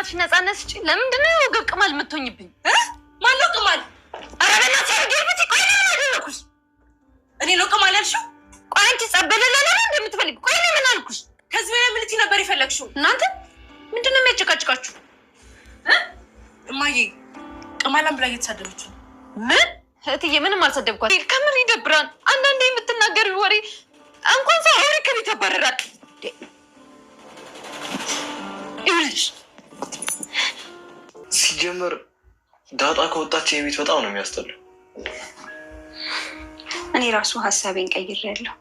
በእናትሽ ነፃነት ስጪ። ለምንድን ነው የወገብ ቅማል የምትሆኝብኝ? ማነው ቅማል? ኧረ በእናትሽ ርጌርብት ቆይ አደረኩሽ። እኔ ነው ቅማል ያልሽው? ቆይ አንቺ ጸበለለለ እንደምትፈልግ ቆይ ምን አልኩሽ? ከዚህ በላይ ምልቲ ነበር የፈለግሽው? እናንተ ምንድን ነው የሚያጨቃጭቃችሁ? እማዬ ቅማላን ብላ እየተሳደበች ነው። ምን እህትዬ፣ ምንም አልሰደብኳት። ከምር ይደብራል አንዳንዴ የምትናገር ወሬ። እንኳን ሰው አውሪ ከቤት ያባረራል። ይኸውልሽ ሲጀመር ዳጣ ከወጣች የቤት በጣም ነው የሚያስጠላው። እኔ ራሱ ሀሳቤን ቀይሬያለሁ።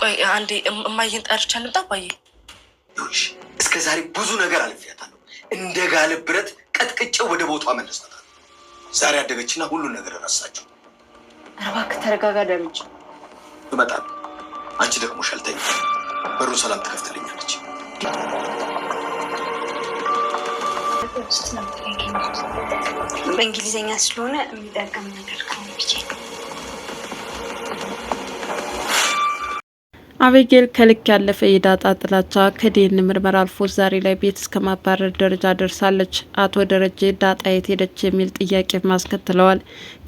ቆይ አንዴ እማዬን ጠርቻ ልምጣ። ባዬ እስከ ዛሬ ብዙ ነገር አልፌያታለሁ። እንደ ጋለ ብረት ቀጥቅጬው ወደ ቦታ መለስታታል። ዛሬ አደገችና ሁሉን ነገር ረሳቸው። እባክህ ተረጋጋ። ደምጭ እመጣለሁ። አንቺ ደግሞ ሸልተኝ በሩ ሰላም ትከፍትልኛለች። በእንግሊዝኛ ስለሆነ የሚጠቅም ነገር አቤጌል ከልክ ያለፈ የዳጣ ጥላቻ ከዴን ምርመራ አልፎ ዛሬ ላይ ቤት እስከ ማባረር ደረጃ ደርሳለች። አቶ ደረጀ ዳጣ የት ሄደች የሚል ጥያቄ ማስከትለዋል።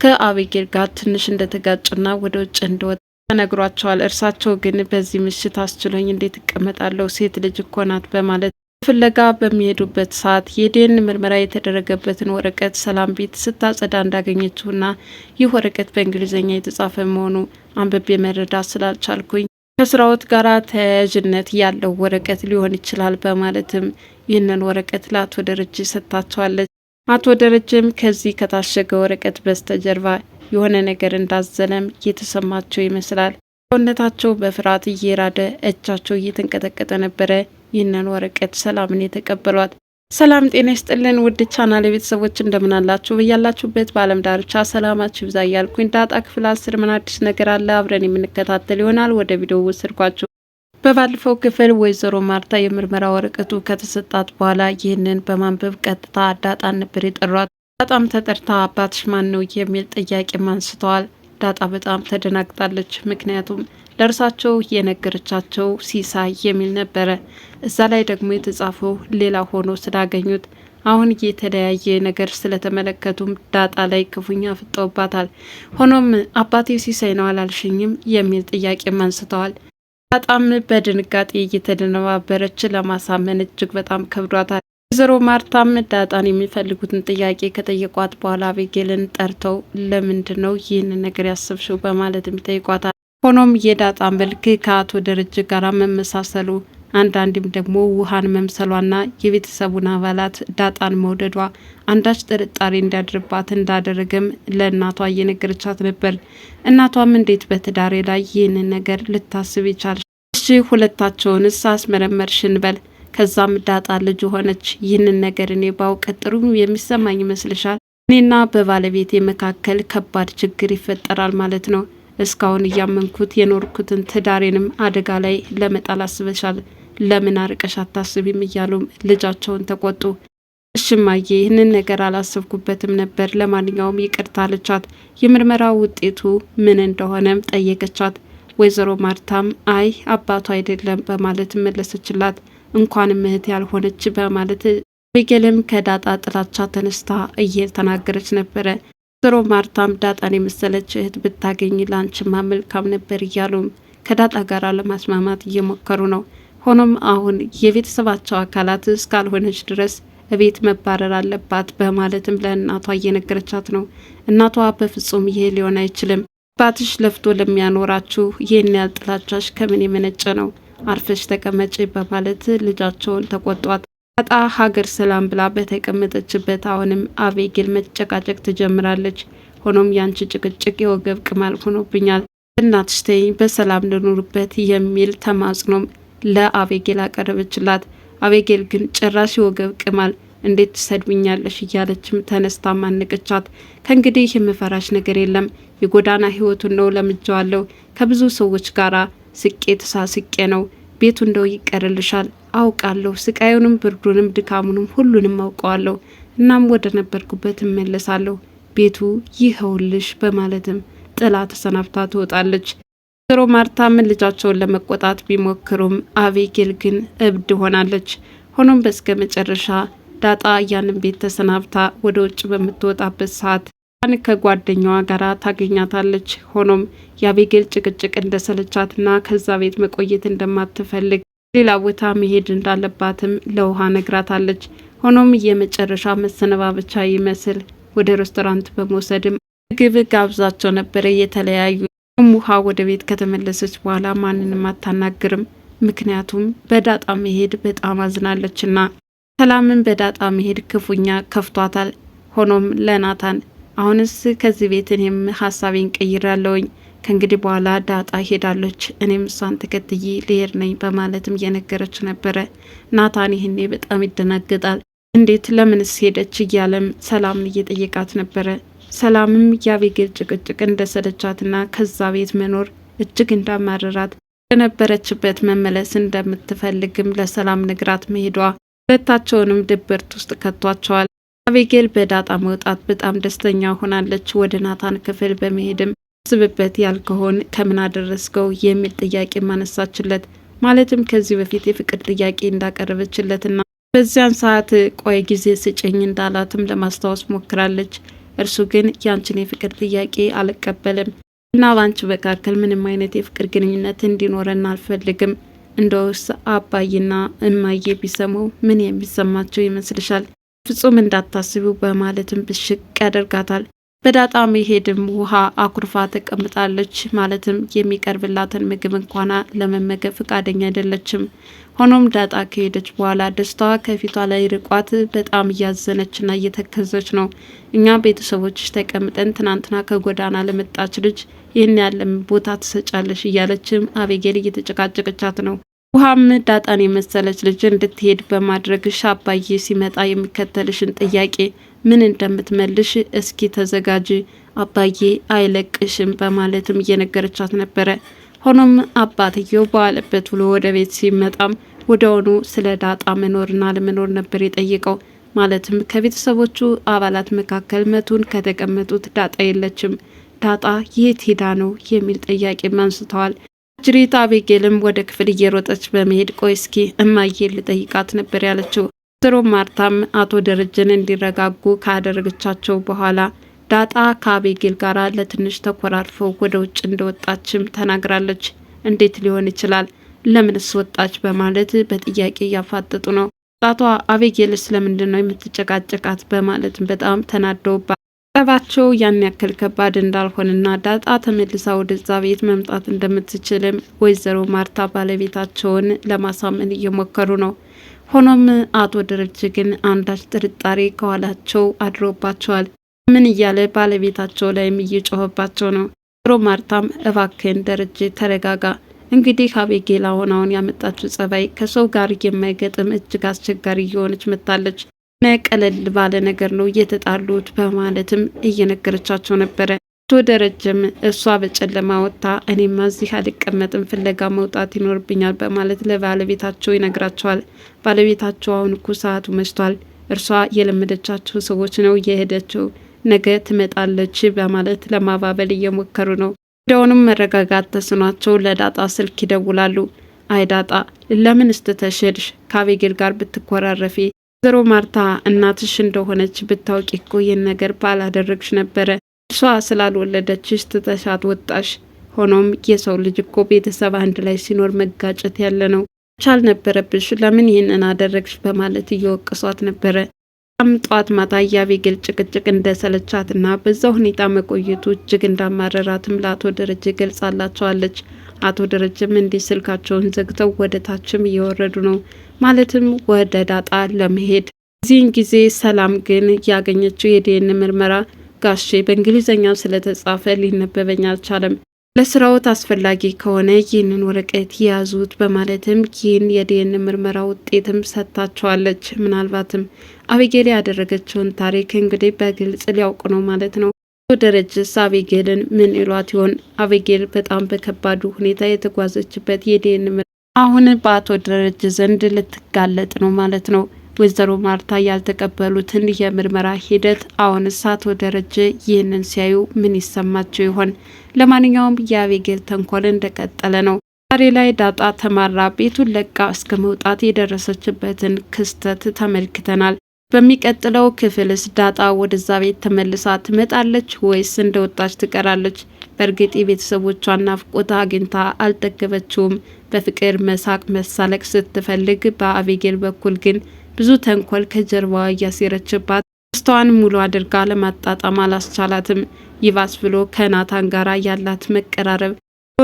ከአቤጌል ጋር ትንሽ እንደተጋጭና ወደ ውጭ እንደወጣ ተነግሯቸዋል። እርሳቸው ግን በዚህ ምሽት አስችሎኝ እንዴት እቀመጣለሁ ሴት ልጅ እኮ ናት በማለት ፍለጋ በሚሄዱበት ሰዓት የደን ምርመራ የተደረገበትን ወረቀት ሰላም ቤት ስታጸዳ እንዳገኘችውና ይህ ወረቀት በእንግሊዝኛ የተጻፈ መሆኑ አንብቤ መረዳት ስላልቻልኩኝ ከስራዎት ጋር ተያያዥነት ያለው ወረቀት ሊሆን ይችላል በማለትም ይህንን ወረቀት ለአቶ ደረጀ ሰጥታቸዋለች። አቶ ደረጀም ከዚህ ከታሸገ ወረቀት በስተጀርባ የሆነ ነገር እንዳዘለም እየተሰማቸው ይመስላል። ሰውነታቸው በፍርሃት እየራደ እጃቸው እየተንቀጠቀጠ ነበረ። ይህንን ወረቀት ሰላምን የተቀበሏት። ሰላም ጤና ይስጥልን ውድ ቻናል የቤተሰቦች እንደምን አላችሁ? በያላችሁበት በዓለም ዳርቻ ሰላማችሁ ይብዛ እያልኩኝ ዳጣ ክፍል አስር ምን አዲስ ነገር አለ አብረን የምንከታተል ይሆናል። ወደ ቪዲዮ ወሰድኳችሁ። በባለፈው ክፍል ወይዘሮ ማርታ የምርመራ ወረቀቱ ከተሰጣት በኋላ ይህንን በማንበብ ቀጥታ ዳጣን ነበር የጠሯት። ዳጣም ተጠርታ አባትሽ ማን ነው የሚል ጥያቄም አንስተዋል። ዳጣ በጣም ተደናግጣለች። ምክንያቱም ለእርሳቸው የነገረቻቸው ሲሳይ የሚል ነበረ። እዛ ላይ ደግሞ የተጻፈው ሌላ ሆኖ ስላገኙት አሁን የተለያየ ነገር ስለተመለከቱም ዳጣ ላይ ክፉኛ ፍጠውባታል። ሆኖም አባቴ ሲሳይ ነው አላልሽኝም የሚል ጥያቄም አንስተዋል። ዳጣም በድንጋጤ እየተደነባበረች ለማሳመን እጅግ በጣም ከብዷታል። ወይዘሮ ማርታም ዳጣን የሚፈልጉትን ጥያቄ ከጠየቋት በኋላ አቤጌልን ጠርተው ለምንድን ነው ይህን ነገር ያሰብሽው በማለት ይጠይቋታል። ሆኖም የዳጣ መልክ ከአቶ ደረጀ ጋር መመሳሰሉ አንዳንድም ደግሞ ውሃን መምሰሏና የቤተሰቡን አባላት ዳጣን መውደዷ አንዳች ጥርጣሬ እንዲያድርባት እንዳደረገም ለእናቷ እየነገረቻት ነበር። እናቷም እንዴት በትዳሬ ላይ ይህንን ነገር ልታስብ ይቻል? እሺ ሁለታቸውንስ አስመረመርሽ እንበል ከዛም ዳጣ ልጅ ሆነች። ይህንን ነገር እኔ ባውቅ ጥሩ የሚሰማኝ ይመስልሻል? እኔና በባለቤቴ መካከል ከባድ ችግር ይፈጠራል ማለት ነው። እስካሁን እያመንኩት የኖርኩትን ትዳሬንም አደጋ ላይ ለመጣል አስበሻል። ለምን አርቀሽ አታስቢም? እያሉም ልጃቸውን ተቆጡ። እሽማዬ ይህንን ነገር አላሰብኩበትም ነበር፣ ለማንኛውም ይቅርታ አለቻት። የምርመራ ውጤቱ ምን እንደሆነም ጠየቀቻት። ወይዘሮ ማርታም አይ አባቱ አይደለም በማለት መለሰችላት። እንኳንም እህት ያልሆነች በማለት አቢጌልም ከዳጣ ጥላቻ ተነስታ እየተናገረች ነበረ። ወይዘሮ ማርታም ዳጣን የመሰለች እህት ብታገኝ ላንችማ መልካም ነበር እያሉም ከዳጣ ጋር ለማስማማት እየሞከሩ ነው። ሆኖም አሁን የቤተሰባቸው አካላት እስካልሆነች ድረስ እቤት መባረር አለባት በማለትም ለእናቷ እየነገረቻት ነው። እናቷ በፍጹም ይህ ሊሆን አይችልም፣ አባትሽ ለፍቶ ለሚያኖራችሁ ይህን ያህል ጥላቻሽ ከምን የመነጨ ነው? አርፈሽ ተቀመጪ በማለት ልጃቸውን ተቆጧት። አጣ ሀገር ሰላም ብላ በተቀመጠችበት አሁንም አቤጌል መጨቃጨቅ ትጀምራለች። ሆኖም ያንቺ ጭቅጭቅ የወገብ ቅማል ሆኖብኛል፣ እናትሽ ተይኝ፣ በሰላም ልኑርበት የሚል ተማጽኖም ለአቤጌል አቀረበችላት። አቤጌል ግን ጭራሽ የወገብ ቅማል እንዴት ትሰድብኛለሽ? እያለችም ተነስታ ማንቀቻት። ከእንግዲህ የምፈራሽ ነገር የለም፣ የጎዳና ህይወቱን ነው ለምጄዋለሁ። ከብዙ ሰዎች ጋራ ስቄ ተሳስቄ ነው ቤቱ እንደው ይቀርልሻል አውቃለሁ። ስቃዩንም፣ ብርዱንም፣ ድካሙንም ሁሉንም አውቀዋለሁ። እናም ወደ ነበርኩበት እመለሳለሁ። ቤቱ ይኸውልሽ በማለትም ጥላ ተሰናብታ ትወጣለች። ወይዘሮ ማርታም ልጃቸውን ለመቆጣት ቢሞክሩም አቤጌል ግን እብድ ሆናለች። ሆኖም በስከ መጨረሻ ዳጣ ያንን ቤት ተሰናብታ ወደ ውጭ በምትወጣበት ሰዓት ን ከጓደኛዋ ጋር ታገኛታለች። ሆኖም የአቤጌል ጭቅጭቅ እንደሰለቻትና ከዛ ቤት መቆየት እንደማትፈልግ ሌላ ቦታ መሄድ እንዳለባትም ለውሃ ነግራታለች። ሆኖም የመጨረሻ መሰነባበቻ ይመስል ወደ ሬስቶራንት በመውሰድም ምግብ ጋብዛቸው ነበረ የተለያዩ ውሃ ወደ ቤት ከተመለሰች በኋላ ማንንም አታናግርም። ምክንያቱም በዳጣ መሄድ በጣም አዝናለችና ሰላምን በዳጣ መሄድ ክፉኛ ከፍቷታል። ሆኖም ለናታን አሁንስ ከዚህ ቤት እኔም ሀሳቤን ቀይራለውኝ ከእንግዲህ በኋላ ዳጣ ሄዳለች፣ እኔም እሷን ተከትዬ ልሄድ ነኝ በማለትም እየነገረች ነበረ። ናታን ይህኔ በጣም ይደናገጣል። እንዴት ለምንስ ሄደች እያለም ሰላምን እየጠየቃት ነበረ። ሰላምም የአቤጌል ጭቅጭቅ እንደሰለቻትና ከዛ ቤት መኖር እጅግ እንዳማረራት የነበረችበት መመለስ እንደምትፈልግም ለሰላም ንግራት መሄዷ ሁለታቸውንም ድብርት ውስጥ ከቷቸዋል። አቤጌል በዳጣ መውጣት በጣም ደስተኛ ሆናለች። ወደ ናታን ክፍል በመሄድም ስብበት ያልከሆን ከምን አደረስከው የሚል ጥያቄ ማነሳችለት። ማለትም ከዚህ በፊት የፍቅር ጥያቄ እንዳቀረበችለትና በዚያን ሰዓት ቆይ ጊዜ ስጭኝ እንዳላትም ለማስታወስ ሞክራለች። እርሱ ግን ያንችን የፍቅር ጥያቄ አልቀበልም እና በአንቺ መካከል ምንም አይነት የፍቅር ግንኙነት እንዲኖረን አልፈልግም። እንደውስ አባይና እማዬ ቢሰሙ ምን የሚሰማቸው ይመስልሻል? ፍጹም እንዳታስቢው በማለትም ብሽቅ ያደርጋታል። በዳጣ መሄድም ውሃ አኩርፋ ተቀምጣለች። ማለትም የሚቀርብላትን ምግብ እንኳን ለመመገብ ፈቃደኛ አይደለችም። ሆኖም ዳጣ ከሄደች በኋላ ደስታዋ ከፊቷ ላይ ርቋት በጣም እያዘነችና እየተከዘች ነው። እኛ ቤተሰቦችሽ ተቀምጠን ትናንትና ከጎዳና ለመጣች ልጅ ይህን ያለም ቦታ ትሰጫለሽ እያለችም አቤጌል እየተጨቃጨቀቻት ነው። ውሃም ዳጣን የመሰለች ልጅ እንድትሄድ በማድረግሽ አባዬ ሲመጣ የሚከተልሽን ጥያቄ ምን እንደምትመልሽ እስኪ ተዘጋጅ፣ አባዬ አይለቅሽም በማለትም እየነገረቻት ነበረ። ሆኖም አባትየው በዋለበት ውሎ ወደ ቤት ሲመጣም ወዲያውኑ ስለ ዳጣ መኖርና ለመኖር ነበር የጠየቀው። ማለትም ከቤተሰቦቹ አባላት መካከል መቱን ከተቀመጡት ዳጣ የለችም፣ ዳጣ የት ሄዳ ነው የሚል ጥያቄም አንስተዋል። ጅሪት አቤጌልም ወደ ክፍል እየሮጠች በመሄድ ቆይ እስኪ እማዬን ልጠይቃት ነበር ያለችው። ወይዘሮ ማርታም አቶ ደረጀን እንዲረጋጉ ካደረገቻቸው በኋላ ዳጣ ከአቤጌል ጋር ለትንሽ ተኮራርፈው ወደ ውጭ እንደወጣችም ተናግራለች። እንዴት ሊሆን ይችላል? ለምንስ ወጣች? በማለት በጥያቄ እያፋጠጡ ነው። ጣቷ አቤጌልስ ለምንድን ነው የምትጨቃጨቃት? በማለትም በጣም ተናደውባል። ጸባቸው ያን ያክል ከባድ እንዳልሆነና ዳጣ ተመልሳ ወደዛ ቤት መምጣት እንደምትችልም ወይዘሮ ማርታ ባለቤታቸውን ለማሳመን እየሞከሩ ነው። ሆኖም አቶ ደረጀ ግን አንዳች ጥርጣሬ ከኋላቸው አድሮባቸዋል። ምን እያለ ባለቤታቸው ላይም እየጮኸባቸው ነው። ወይዘሮ ማርታም እባክን ደረጀ ተረጋጋ፣ እንግዲህ አቤጌላ ሆናውን ያመጣችው ጸባይ ከሰው ጋር የማይገጥም እጅግ አስቸጋሪ እየሆነች መጥታለች። ቀለል ባለ ነገር ነው እየተጣሉት በማለትም እየነገረቻቸው ነበረ። አቶ ደረጀም እሷ በጨለማ ወጥታ እኔማ እዚህ አልቀመጥም ፍለጋ መውጣት ይኖርብኛል በማለት ለባለቤታቸው ይነግራቸዋል። ባለቤታቸው አሁን እኮ ሰዓቱ መሽቷል፣ እርሷ የለመደቻቸው ሰዎች ነው የሄደችው፣ ነገ ትመጣለች በማለት ለማባበል እየሞከሩ ነው። እንደውንም መረጋጋት ተስኗቸው ለዳጣ ስልክ ይደውላሉ። አይ ዳጣ፣ ለምን ስትተሽልሽ ከአቤጌል ጋር ብትኮራረፌ ወይዘሮ ማርታ እናትሽ እንደሆነች ብታውቂ እኮ ይህን ነገር ባላደረግሽ ነበረ። እርሷ ስላልወለደችሽ ትተሻት ወጣሽ። ሆኖም የሰው ልጅ እኮ ቤተሰብ አንድ ላይ ሲኖር መጋጨት ያለ ነው። ቻል ነበረብሽ። ለምን ይህንን አደረግሽ? በማለት እየወቀሷት ነበረ። በጣም ጠዋት ማታ የአቤጌል ጭቅጭቅ እንደሰለቻትና በዛ ሁኔታ መቆየቱ እጅግ እንዳማረራትም ለአቶ ደረጀ ገልጻላቸዋለች። አቶ ደረጀም እንዲህ ስልካቸውን ዘግተው ወደ ታችም እየወረዱ ነው። ማለትም ወደ ዳጣ ለመሄድ። እዚህን ጊዜ ሰላም ግን ያገኘችው የዲኤንኤ ምርመራ ጋሼ በእንግሊዝኛው ስለተጻፈ ሊነበበኝ አልቻለም፣ ለስራዎት አስፈላጊ ከሆነ ይህንን ወረቀት የያዙት በማለትም ይህን የዲኤንኤ ምርመራ ውጤትም ሰጥታቸዋለች። ምናልባትም አቤጌል ያደረገችውን ታሪክ እንግዲህ በግልጽ ሊያውቁ ነው ማለት ነው። ደረጀስ አቤጌልን ምን ይሏት ይሆን? አቤጌል በጣም በከባዱ ሁኔታ የተጓዘችበት የዲኤንኤ አሁን በአቶ ደረጀ ዘንድ ልትጋለጥ ነው ማለት ነው። ወይዘሮ ማርታ ያልተቀበሉትን የምርመራ ሂደት አሁንስ አቶ ደረጀ ይህንን ሲያዩ ምን ይሰማቸው ይሆን? ለማንኛውም የአቤጌል ተንኮል እንደቀጠለ ነው። ዛሬ ላይ ዳጣ ተማራ ቤቱን ለቃ እስከ መውጣት የደረሰችበትን ክስተት ተመልክተናል። በሚቀጥለው ክፍልስ ዳጣ ወደዛ ቤት ተመልሳ ትመጣለች ወይስ እንደወጣች ትቀራለች? በእርግጥ የቤተሰቦቿን ናፍቆት አግኝታ አልጠገበችውም። በፍቅር መሳቅ መሳለቅ ስትፈልግ፣ በአቤጌል በኩል ግን ብዙ ተንኮል ከጀርባዋ እያሴረችባት ደስታዋን ሙሉ አድርጋ ለማጣጣም አላስቻላትም። ይባስ ብሎ ከናታን ጋር ያላት መቀራረብ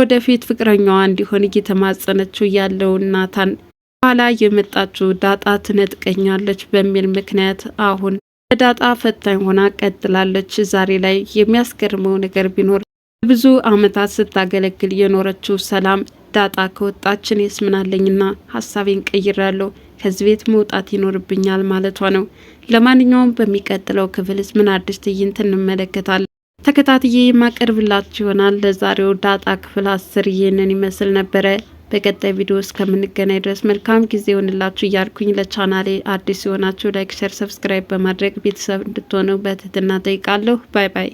ወደፊት ፍቅረኛዋ እንዲሆን እየተማጸነችው ያለውን ናታን በኋላ የመጣችው ዳጣ ትነጥቀኛለች በሚል ምክንያት አሁን በዳጣ ፈታኝ ሆና ቀጥላለች። ዛሬ ላይ የሚያስገርመው ነገር ቢኖር ብዙ ዓመታት ስታገለግል የኖረችው ሰላም ዳጣ ከወጣችን የስምናለኝና ሀሳቤን ቀይራለሁ ከዚህ ቤት መውጣት ይኖርብኛል ማለቷ ነው። ለማንኛውም በሚቀጥለው ክፍልስ ምን አዲስ ትዕይንት እንመለከታለን? ተከታትዬ የማቀርብላችሁ ይሆናል። ለዛሬው ዳጣ ክፍል አስር ይህንን ይመስል ነበረ። በቀጣይ ቪዲዮ እስከምንገናኝ ድረስ መልካም ጊዜ ሆንላችሁ እያልኩኝ ለቻናሌ አዲስ የሆናችሁ ላይክ፣ ሸር፣ ሰብስክራይብ በማድረግ ቤተሰብ እንድትሆነው በትህትና ጠይቃለሁ። ባይ ባይ